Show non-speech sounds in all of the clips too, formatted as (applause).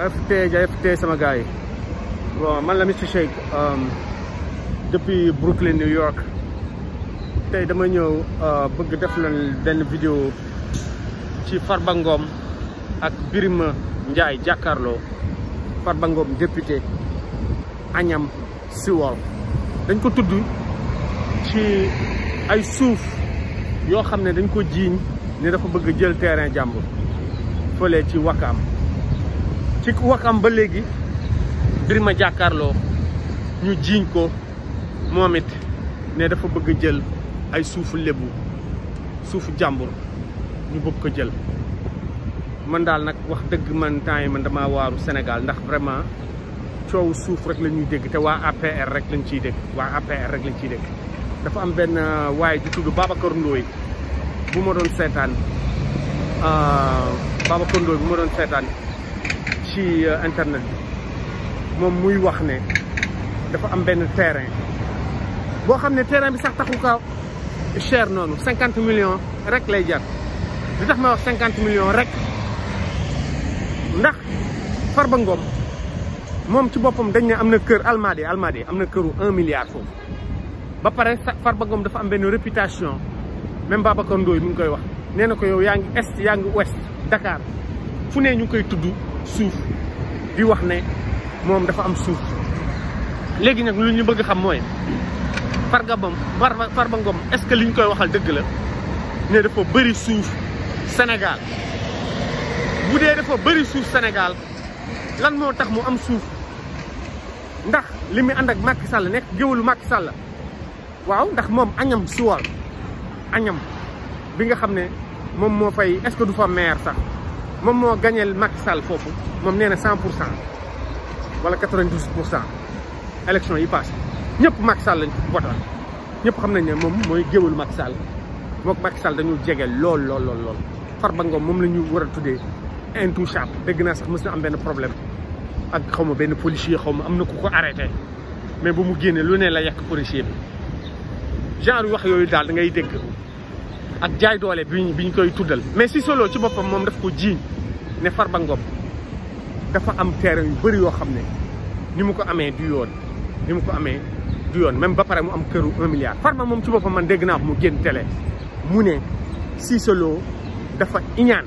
FT jaay FT sama gars yi man la Mister Shake um, depuis Brooklyn New York tey dama ñëw uh, bëgg def leen benn vidéo ci Farba ak Birima njaay jàkkaarloo Farba Ngom añam Agnam dañ ko tudd ci ay suuf yoo xam ne dañ ko jiiñ ne dafa bëgg jël terrain jàmbur fële ci Wakaam ci wakam ba legui dirima jakarlo ñu jiñ ko momit ne dafa bëgg jël ay suufu lebu suufu jambur ñu bëgg ko jël man dal nak wax deug man tan yi man dama waaru senegal ndax vraiment ciow suuf rek lañuy dégg té wa APR rek lañ ciy dégg wa APR rek lañ ciy dégg dafa am ben euh, way ju tuddu bu doon ah bu doon ci euh, internet mom muy wax ne dafa am ben terrain bo xamne ne terrain bi sax taxu ka cher nonu 50 millions rek lay jatt li tax ma wax 50 millions rek ndax Farba Ngom mom ci bopam dañ ne amna keur kër Almadi Almadi am na këru un milliard foofu ba pare Farba Ngom dafa am ben réputation même Babacar ndoy mu ngi koy wax nee ko yow yaangi est yaangi ouest Dakar fune ñu koy tuddu souf di wax ne moom dafa am suuf léegi nag lu ñu bëgg xam mooy Farba Ngom Farba Ngom est-ce que li ñu koy waxal dëgg la ne dafa bëri suuf senegal bu dee dafa bëri suuf senegal lan moo tax mu am suuf ndax li muy ànd ak Macky Sall nekk géwalu Macky Sall waaw ndax moom añam suwal añam bi nga xam ne moom moo fay est-ce que du fa maire sax moom moo gañeel Macky Sall foofu moom nee na cent pour cent wala quatre vingt pour cent élection yi passé ñëpp Macky Sall lañ votal ñëpp xam nañ ne moom mooy géwélu Macky Sall mook Macky dañu jege lool lool lool lool Farba Ngom moom la ñu war a tuddee intouchable dégg naa sax mës na am benn problème ak xaw ma benn policier xaw ma am na ku ko arrêté mais bu mu génnee lu nee la yàq policier bi genre wax yooyu daal da ngay dégg ak jaay doole bi bi ñu koy tuddal mais Cissolo ci boppam moom daf ko jiiñ ne ba Ngom dafa am terrain yu bëri yoo xam ne ni mu ko amee du yoon ni mu ko amee du yoon même ba pare mu am këru un milliard Farba moom ci boppam man dégg naa mu génn télé mu ne Cissolo dafa iñaan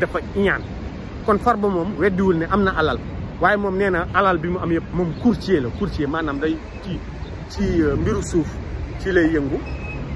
dafa iñaan kon far ba moom weddiwul ne am na alal waaye moom nee na alal bi mu am yëpp moom courtier la courtier maanaam day ci ci euh, mbiru suuf ci lay yëngu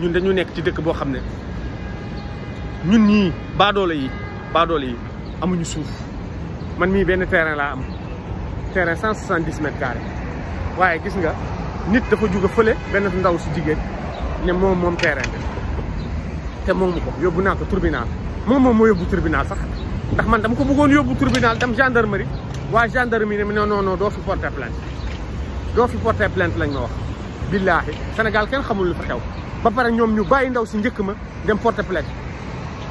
ñun dañu nekk ci dëkk boo xam ne ñun ñii baadoole yi baadoole yi amuñu suuf man mii benn terrain laa am terrain cent soixante-dix mètres carrés waaye gis nga nit dafa jóge fële benn ndaw si jigéen ne moom moom terrain bi te moomu ko yóbbu naa ko tribunal moom moom moo yóbbu tribunal sax ndax man dam ko bëggoon yóbbu tribunal dem gendarmerie waa gendarmerie ne non non non doo fi porter plainte doo fi porter plainte lañ ma wax billahi senegal ken xamul lu fa xew ba pare ñom ñu bàyyi ndaw ci njëkk ma dem porte plainte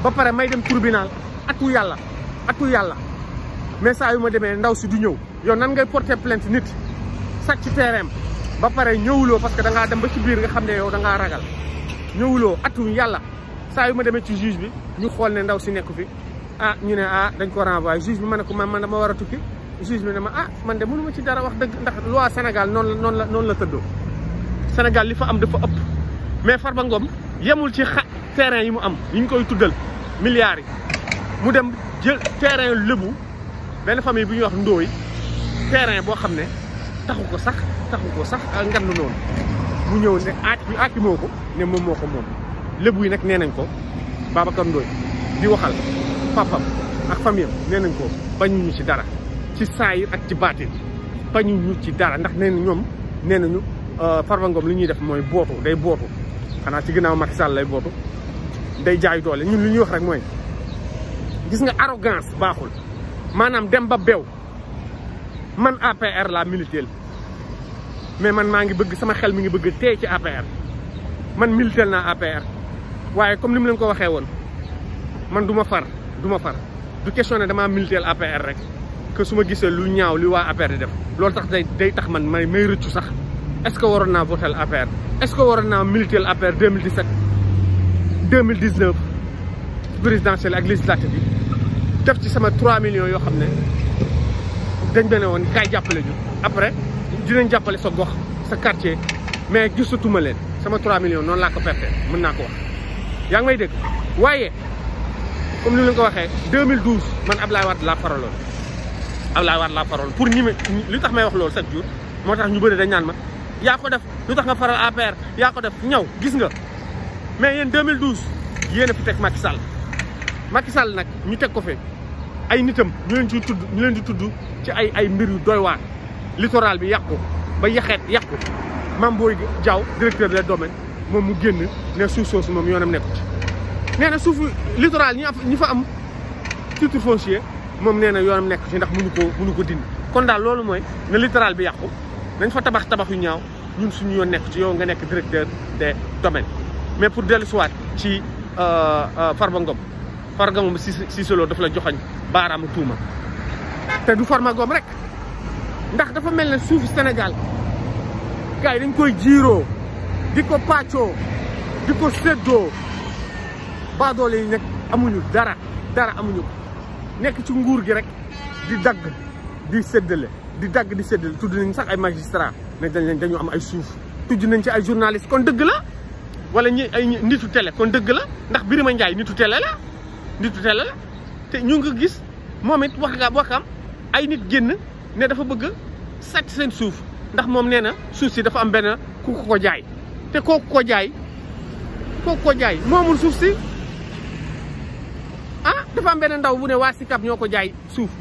ba pare may dem tribunal atu yalla atu yalla mais sa yu ma demee ndaw ci du ñew yo nan ngay porte plainte nit sax ci terrain ba pare ñewulo parce que da nga dem ba ci bir nga xam yow da nga ragal ñewulo atu yalla sa yu ma demee ci juge bi ñu xol ne ndaw ci nekk fi ah ñu ne ah dañ ko renvoyer juge bi mané ko man man dama wara tukki juge bi ne ma ah man de mënu ma ci dara wax deug ndax loi Sénégal non non la non la teddo Sénégal li fa am dafa ëpp mais Farba Ngom yemul ci xa terrain yi mu am yi ñu koy tuddal milliards yi mu dem jël terrain lëbu benn famille bu ñuy wax ndóoy terrain boo xam ne taxu ko sax taxu ko sax ngan noonu mu ñëw ne aaj mu aaj moo ko ne moom moo ko moom lëbu yi nag nee nañ ko Babacar Ndóoy di waxal papam ak famille am nee nañ ko bañuñu ci dara ci saayir ak ci baatin bañuñu ci dara ndax nee na ñoom nee nañu Euh, Farba Ngom li ñuy def mooy bootu day bootu xanaa ci ginnaaw Macky Sall lay bootu day jaay doole ñun lu ñuy wax rek mooy gis nga arrogance baaxul maanaam dem ba beew man APR laa militeel mais man maa ngi bëgg sama xel mi ngi bëgg tey ci APR man militeel naa APR waaye comme ni mu leen ko waxee woon man du ma far du ma du question ne damaa militeel APR rek que su ma gisee lu ñaaw li waa APR di def loolu tax day tax man may rëccu sax est-ce que waroon naa votel APR est-ce que waroon naa militel APR 2017 2019 présidentielle ak législative yi def ci sama 3 millions yoo xam ne dañ bene woon kaay jàppale ñu après dinañ jàppale sa gox sa quartier mais gisatuma sama 3 millions noonu laa ko perte mën naa ko wax yaa ngi may dégg waaye comme ni leen ko waxee 2012 man Ablaye Wade laa faraloon Ablaye Wade laa faraloon pour ñi ma li tax may wax loolu chaque jour moo tax ñu bëri dañ naan ma yaa ko def lu tax nga faral APR yaa ko def ñaw gis nga mais yéen 2012 yéen a fi teg Macky Sall Macky Sall nag ñu teg ko fi ay nitam ñu leen tudd ñu leen di tudd ci ay mbir yu doy waar littoral bi yàqu ba yaxeet yàqu Mame Boye Diaw directeur des dome moom mu génn ne suuf soosu moom yoonam nekku ci nee na suufu littoral ñi fa am titre foncier moom nee na yoonam nekku ci ndax mënu ko mënu ko dindi kon daal loolu mooy ne littoral bi yàqu nañ fa tabax tabax yu ñaaw ñun suñu yoon nekk ci yow nga nekk directeur de domaines mais pour dellu si waat ci euh, euh, Farba Ngom Farba Ngom si Cissé Lo dafa la joxoñ baaraamu tuuma te du Farba rek ndax dafa mel ne suufu Sénégal gars dañ koy jiiroo di ko pàccoo di ko séddoo baadoole yi nekk amuñu dara dara amuñu nekk ci nguur gi rek di dagg di séddale di dag di séddale tuddu nañ sax ay magistrat ne dañ dañu am ay souf tuddu nañ ci ay journaliste kon deug la wala ñi ay nitu télé kon deug la ndax Birima ndjay nitu télé la nitu télé la té ñu nga gis momit wax nga waxam ay nit genn né dafa bëgg sat seen souf ndax mom néna souf ci dafa am ben ku ko jaay té ko ko jaay ko ko jaay momul souf ci ah dafa am ben ndaw bu né wa sikap ñoko jaay souf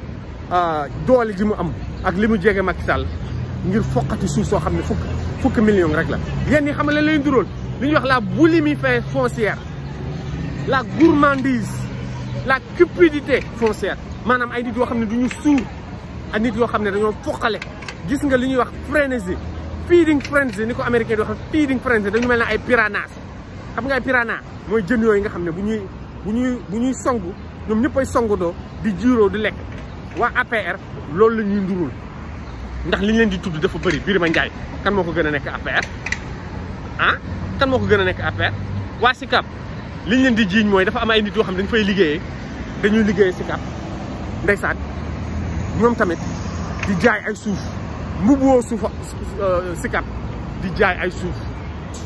Euh, doole ji mu am ak li mu jege Macky Sall ngir foqati suuf soo xam ne fukk fukki million rek la. yéen ñi xam ne leen duróol li ñuy wax la boulimie foncière la gourmandise la cupidité foncière maanaam ay nit yoo xam ne du ñu suur ak nit yoo xam ne dañoo foqale gis nga li ñuy wax frénésie feeding frenzy ni ko américain di wax feeding frenzy dañu mel ne ay piranhas xam nga ay piranhas mooy jën yooyu nga xam ne bu ñuy bu ñuy bu ñuy song ñoom ñëppay songandoo di jiiroo di lekk. waa APR loolu la ñuy ndurul ndax li ñu leen di tudd dafa bëri Birima Ndiaye kan moo ko gën a nekk APR ah kan moo ko gën a nekk APR waa SICAP liñ leen di jiiñ mooy dafa am ay nit yoo xam dañu fay liggéeyee dañuy liggéeyee SICAP ndeysaan ñoom tamit di jaay ay suuf mbubboo suufa euh, SICAP di jaay ay suuf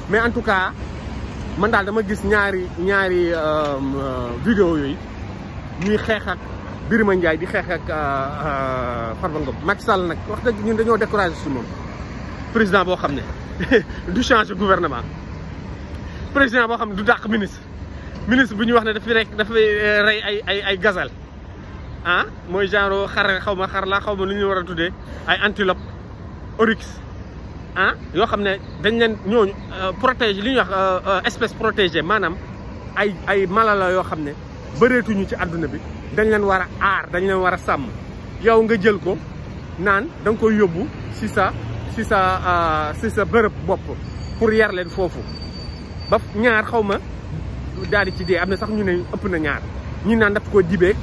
mais en tout cas man daal dama gis ñaari ñaari euh, euh, vidéo yooyu ñuy xeex Birima Ndiaye di xeex ak euh, euh, Farba Ngom Macky Sall nag wax dëgg ñun dañoo décorager su moom président boo xam ne (laughs) du change gouvernement président boo xam ne du dàq ministre ministre bu ñu wax ne dafay rek dafay euh, rey ay ay ay gazelle ah mooy genre xar xaw ma xar laa xaw ma lu ñu war a tuddee ay antilope oryx ah yoo xam ne dañ leen ñoo protége li ñuy wax espèce protégée maanaam ay ay mala yoo xam ne bëreetuñu ci àdduna bi dañ leen war a aar dañ leen war a sàmm yow nga jël ko naan da nga koy yóbbu si sa si sa si euh, sa bërëb bopp pour yar leen foofu ba ñaar xaw ma daal di ci dee am na sax ñu ne ëpp na ñaar ñi naan daf ko dibeeg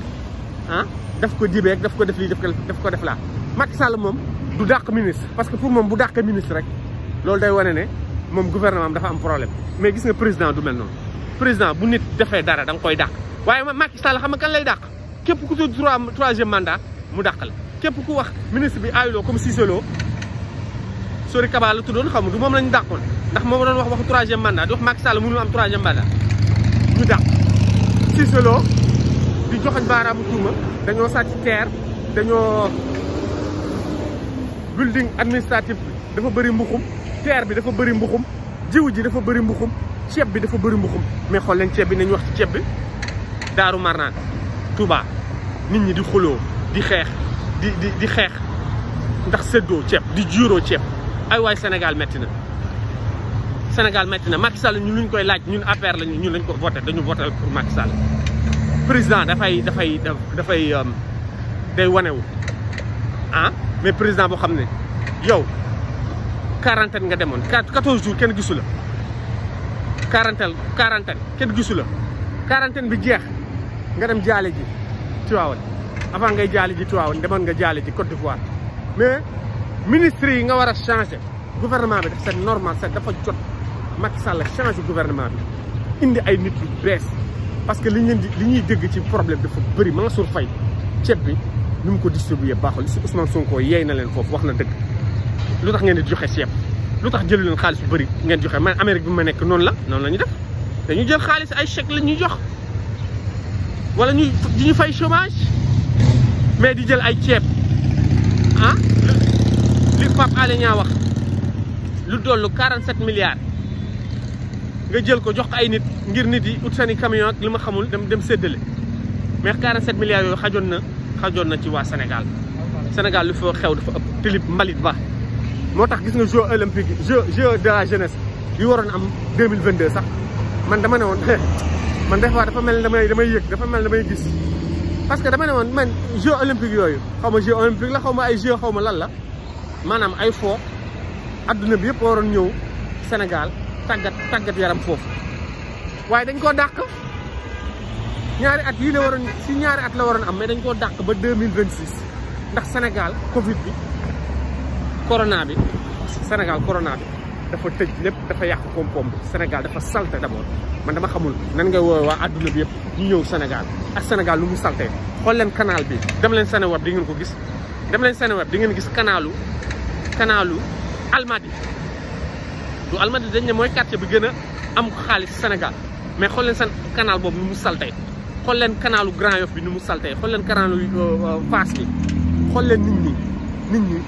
ah daf ko dibeeg daf ko def lii daf ko def laa Macky Sall moom du dàq ministre parce que pour moom bu dàqee ministre rek loolu day wane ne moom gouvernement am dafa am problème mais gis nga président du mel noonu président bu nit defee dara da nga koy dàq waaye ma Macky xam nga kan lay dàq képp ku tudd trois troisième mandat mu dàq la képp ku wax ministre bi aayuloo comme Cissé Lo Sori Kaba la tuddoon xaw ma du moom lañu dàqoon ndax moom doon wax waxu troisième mandat di wax Macky Sall mënul am troisième mandat ñu dàq Cissé Lo di joxoñ baaraamu tuuma dañoo sàcc terre dañoo building administratif bi dafa bëri mbuxum terre bi dafa bëri mbuxum jiw ji dafa bëri mbuxum ceeb bi dafa bëri mbuxum mais xool leen ceeb bi nañu wax ci ceeb bi daaru marnaan Touba nit ñi di xuloo di xeex di di di xeex ndax séddoo ceeb di juróo ceeb ay waay Sénégal métti na Sénégal métti na Macky Sall ñun luñ koy laaj ñun APR lañu ñun lañ ko voté dañu voté pour Macky Sall président dafay dafay dafay euh, day wanewu ah mais président boo xam ne yow quarantaine nga demoon quatorze jours kenn gisu la quarantaine quarantaine kenn gisu la quarantaine bi jeex nga dem jaale ji Tiwaawan avant ngay jaale ji Tiwaawan demoon nga jaale ji Côte d'Ivoire mais ministre yi nga war a changé gouvernement bi daf c'est normal c'est dafa jot Macky Sall changé gouvernement bi indi ay nit yu bees parce que li ñu di li ñuy dégg ci problème dafa bëri Mansour Faye ceeb bi nu mu ko distribué baaxul si Ousmane Sonko yeey na leen foofu wax na dëgg lu tax ngeen di joxe ceeb lu tax jëlu leen xaalis bu bëri ngeen joxe man Amérique bi ma nekk noonu la noonu la def dañu jël xaalis ay chèque la ñuy jox wala ñu di ñu fay chomage mais di jël ay ceeb ah li Pape ñaa wax lu dollu 47 milliards nga jël ko jox ko ay nit ngir nit yi ut seeni camion ak li ma xamul dem dem séddale mais 47 milliards yooyu xajoon na xajoon na ci waa senegal Sénégal lu fa xew dafa ëpp tilib mbalit ba moo tax gis nga jeux olympique jeux jeux de la jeunesse yi waroon am 2022 sax man dama ne woon (laughs) man def fois dafa mel ni damay damay yëg dafa mel damay gis parce que dama ne won man jeux olympique yooyu xawma ma jeux olympique la xawma ay jeux xawma lan la manam ay fo aduna bi yëpp waron ñew Sénégal tagat tagat yaram fofu waye dañ ko dàq ñaari at yi la waron si ñaari at la waron am mais dañ ko dàq ba 2026 ndax Sénégal Covid bi corona bi Sénégal corona bi. dafa tëj lépp dafa yàq koom-koom Sénégal dafa salte d'abord man dama xamul nan nga woowee waa adduna bi yëpp ñu ñëw Sénégal ak Sénégal lu mu saltee xool leen kanaal bi dem leen Seneweb di ngeen ko gis dem leen Seneweb di ngeen gis canalu canalu Almadi du Almadi dañ ne mooy quartier bi gën a am xaalis Sénégal mais xool leen seen boobu nu mu salte xool leen kanaalu Grand Yoff bi nu mu saltee xool leen canalu euh, euh, Fass bi xool leen nit ñi nit ñi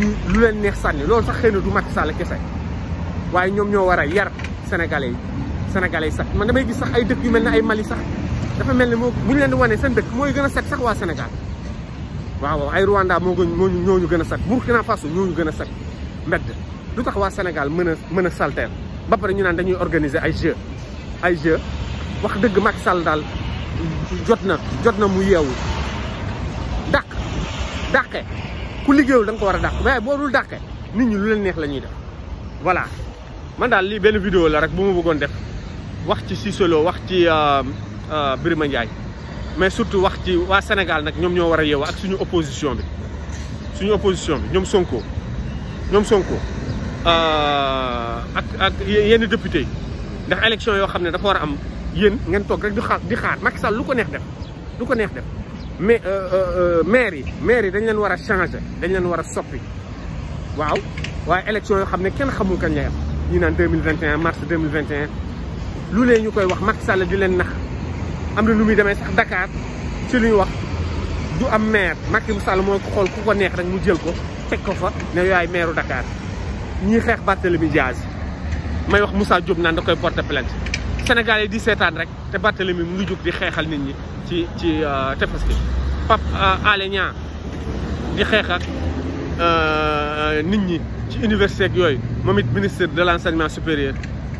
nit lu leen neex sànni loolu sax xëy na du Macky Sall kese waaye ñoom ñoo war a yar sénégalais yi sénégalais yi sax man damay gis sax ay dëkk yu mel na ay Mali sax dafa mel ne moo bu ñu leen di wanee seen dëkk mooy gën a set sax waa Sénégal waaw waaw ay Rwanda moo gën moo ñoo ñu gën a set Burkina Faso ñoo ñu gën a set mbedd lu tax waa Sénégal mën a mën a salteel ba pare ñu naan dañuy organiser ay jeux ay jeux wax dëgg mag sal daal jot na jot na mu yeewu daq dàqe ku liggéeyul da ko war a dàq waaye boo dul dàqe nit ñi lu leen neex la ñuy def voilà man dal li ben video la rek buma bëggon def wax ci sisolo wax ci euh, euh, Birima ndjay mais surtout wax ci wa senegal nak ñom ñoo wara yew ak suñu opposition bi suñu opposition bi ñom Sonko ñom Sonko euh, ak ak yenn député ndax élection yo xamne dafa wara am yeen ngeen tok rek di xaar di xaar Macky Sall lu ko neex def lu ko neex def mais euh euh maire maire dañ leen wara changer dañ leen wara soppi waaw waye élection yo xamne kenn xamul kan lay am ñi naan 2021 mars 2021 lu leen ñu koy wax Macky Sall di leen nax am na lu muy demee sax Dakar ci luy wax du am maire Macky Sall moo xool ku ko neex rek mu jël ko teg ko fa ne yaay maireu Dakar ñii xeex Barthélemy Diaz may wax Moussa Diop naan da koy porter plainte Sénégal yi di seetaan rek te Barthélemy mu ngi jóg di xeexal nit ñi ci ci euh, tefes gi Pape euh, Alé Niang di xeex Euh, nit ñi ci université ak yooyu momit ministre de l'enseignement supérieur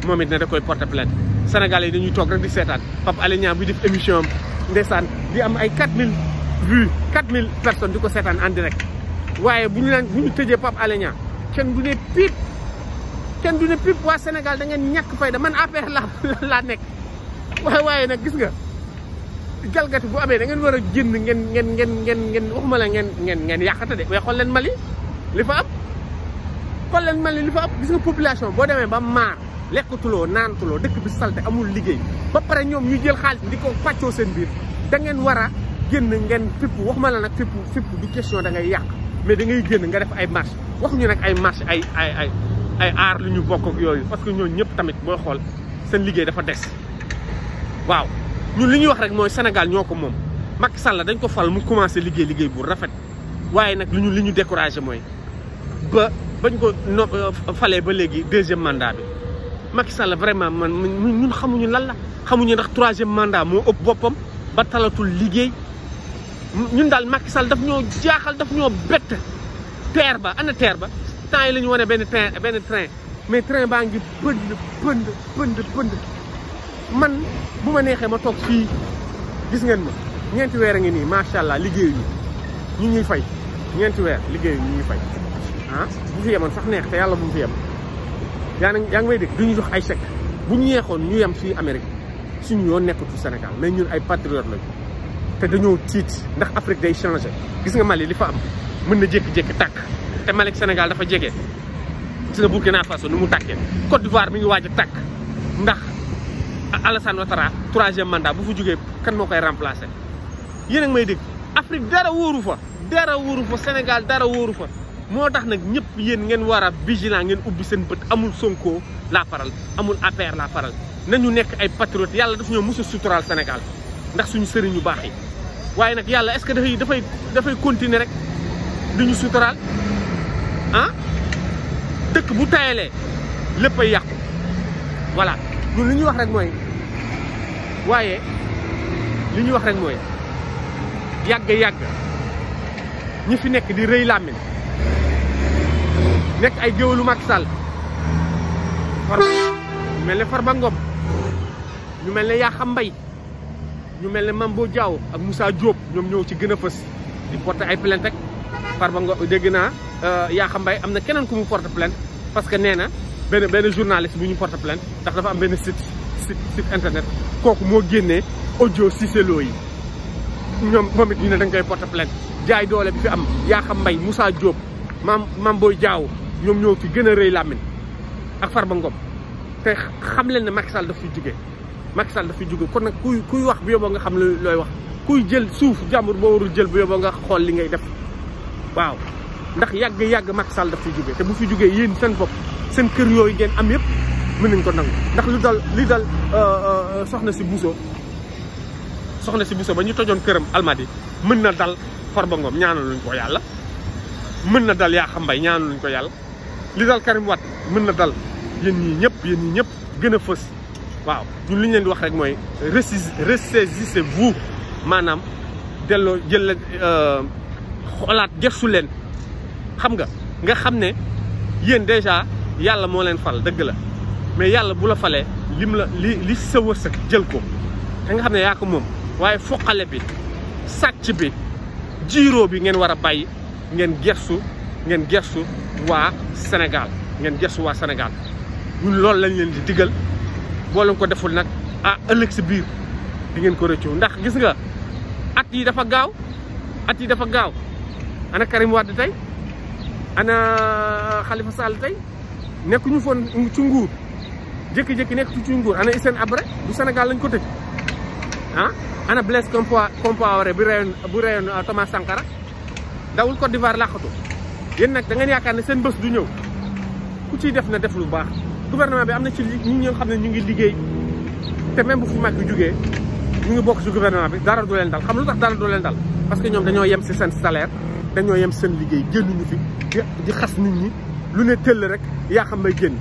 momit it ne da koy porter plainte sénégalais yi dañuy toog rek di seetaan pap Alé Niang bi def émission am di am ay 4000 vues 4000 personnes di ko seetaan en direct waaye bu ñu naan bu ñu tëjee Pape Alé pip, kenn du ne piip kenn du ne pip waa Sénégal da ngeen ñàkk fayda man APR la la (laughs) nekk waaye waaye nag gis nga jalgati bu amee dangeen ngeen war a génn ngeen ngeen ngeen ngeen ngeen waxuma la ngeen ngeen ngeen yàqate de waaye xool leen Mali li fa am xool leen Mali li fa am gis nga population boo demee ba maar lekkatuloo naantuloo dëkk bi salte amul liggéey ba pare ñoom ñu jël xaalis di ko pàccoo seen biir da ngeen war a génn ngeen fipp waxuma la nag fipp fipp du question da ngay yàq mais da ngay génn nga def ay marche wax ñu nag ay marche ay ay ay ay aar lu ñu bokk ak yooyu parce que ñooñu ñëpp tamit booy xool seen liggéey dafa des Nous sommes Sénégal nous avons Macky Sall dañ ko fal mu commencé liggéey liggéey bu rafet Mais nag ba euh, deuxième mandat Il Macky Sall vraiment man ñun Il la le troisième mandat moo ëpp le ba talatul liggéey Macky daf ñoo daf ñoo ba ana Terre, ba train le train mais train man buma nexé ma tok fi gis ngeen ma ñenti weer a ni ma sha allah liggéeyu ñi ñuy fay ñeenti weer liggéeyu ñi ñuy fay ah bu fi yemoon sax neex te Yalla bu fi yem ya nga ya ngi may dégg duñu jox ay chèque bu ñu yeexoon ñu yam fii Amérique suñu nekk nekkatu Sénégal mais ñun ay patriote lañu té dañu tiit ndax Afrique day changer gis nga Mali li fa am mën na jék jékki tàkk te Mali Sénégal dafa jégé ci Burkina Faso nu mu takké Côte d'Ivoire mi ngi waji tak ndax Alassane Ouattara troisième mandat bu fu jógee kan mo koy remplacer yéen a ngi may dégg Afrique dara wóoru fa dara wóoru fa Sénégal dara wóoru fa motax nak ñepp yeen ngeen wara vigilant ngeen ubbi seen amul Sonko Lafaral faral amul APR Lafaral. faral nañu nek ay patriote yalla daf ñoo mos sutural Sénégal ndax suñu sëriñu yu waye nak yalla sutural. est-ce dafay dafay dafay continuer rek duñu sutural han ah dëkk bu tayalé lepp ay yaq voilà ñun li wax rek moy waaye li ñu wax rek mooy yàgg-yàgg ñi fi nekk di rëy làmmiñ nekk ay géwélu Macky Sall far ñu mel ne Farba Ngom ñu mel ne Yakham mbay ñu mel ne boo jaaw ak musaa Diop ñoom ñëw ci gën a fës di porter ay plainte rek ba Ngom dégg naa euh, Yakham mbay am na keneen ku mu porter plainte parce que nee na benn benn journaliste bu ñu porter plainte ndax dafa am benn sit site site internet kooku moo génnee audio Cissé Lo yi ñoom moom it ñu ne dañ koy porte jaay doole bi fi am yaa xam mbay Moussa jóob mam mam booy jaaw ñoom ñoo fi gën a rëy làmmiñ ak ba Ngom te xam leen ne Macky Sall daf fi jóge Macky daf fi jóge kon nag kuy kuy wax bu yóbboo nga xam looy wax kuy jël suuf jàmbur boo warul jël bu yóbboo nga xool li ngay def waaw ndax yàgg yàgg Macky Sall daf fi jóge te bu fi jógee yéen seen bopp seen kër yooyu ngeen am yëpp mën nañ ko nangu ndax lu dal li dal euh, euh, soxna si Bousso soxna si Bousso ba ñu tojoon këram almadi mën na dal Farba Ngom ñaanaluñ ko yàlla mën na dal Yakham Mbaye ñaanaluñ ko yàlla li dal Karim wat mën na dal yéen ñii ñëpp yéen ñëpp gën a fës waaw ñun li ñu di wax rek mooy ressaisissez-vous maanaam delloo jël la euh, xoolaat gëstu leen xam nga nga xam ne yéen déjà yàlla moo leen fal dëgg la mais yàlla bu la falee lim la li li sa jël ko te nga xam ne yaa moom waaye foqale bi sàcc bi jiiroo bi ngeen war a bàyyi ngeen gestu ngeen gestu waa Sénégal ngeen gestu waa Sénégal ñun loolu lañ leen di digal boo ko deful nag ah ëllëg si biir di ngeen ko rëccu ndax gis nga at yi dafa gaaw at yi dafa gaaw ana Karim Wade tey ana Khalifa Sall tey nekkuñu foon ci jékki-jékki nekk ci nguur ana Hissène Habré bu Sénégal lañ ko tëj ah ana Blaise Compaoré bu reyoon bu reyoon euh, Thomas Sankara dawul Côte d'Ivoire làqatu yéen nag da ngeen yaakaar ne seen bés du ñëw ku ci def na def lu baax gouvernement bi am na ci ñu ñoo xam ne ñu ngi liggéey te même bu fi Macky jógee ñu ngi bokk si gouvernement bi dara du leen dal xam lu tax dara du leen dal parce que ñoom dañoo yem si seen salaire dañoo yem seen liggéey génnuñu fi di xas nit ñi lu ne tëll rek yaa xam may génn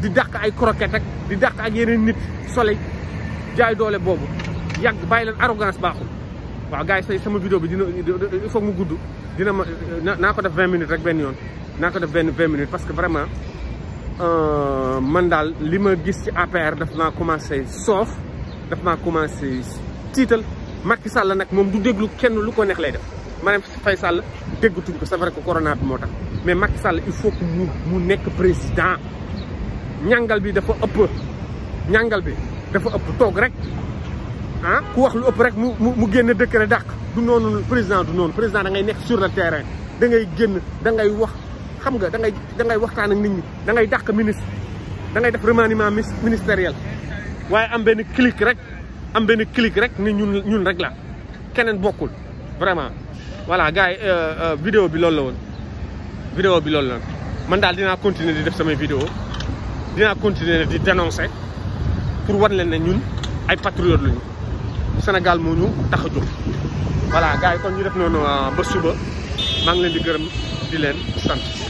di dàq ay croquette ak di dàq ak yeneen nit soleil jaay doole boobu yàgg bàyyi leen arrogance baaxul waaw gars yi sama vidéo bi dina il faut mu gudd dina ma naa ko def vingt minutes rek benn yoon naa ko def benn vingt minutes parce que vraiment euh, man daal li ma gis ci APR dafa maa commencé soof daf maa commencé tiital Macky sàll nag moom du déglu kenn lu ko neex lay def maanaam Faye Sall déggatuñ ko sa vrai que corona moo tax mais Macky Sall il faut que mu nekk président ñàngal bi dafa ëpp ñàngal bi dafa ëpp toog rek ah ku wax lu ëpp rek mu mu génn décret daq du noonu président du noonu président da ngay nekk sur le terrain da ngay génn da ngay wax xam nga da ngay da waxtaan ak nit ñi da ngay dàq ministre da ngay def remaniement ministériel waaye am benn clic rek am benn clic rek ni ñun ñun rek la keneen bokkul vraiment voilà gars yi euh, euh, vidéo bi loolu la woon video bi loolu la man daal dinaa continuer di def samay vidéo dina continuer di dénoncer pour war leen ñun ay patriotes lañu Sénégal moo ñu voilà gars yi kon ñu def noonu euh, ba suba maa ngi leen di gërëm di leen sant.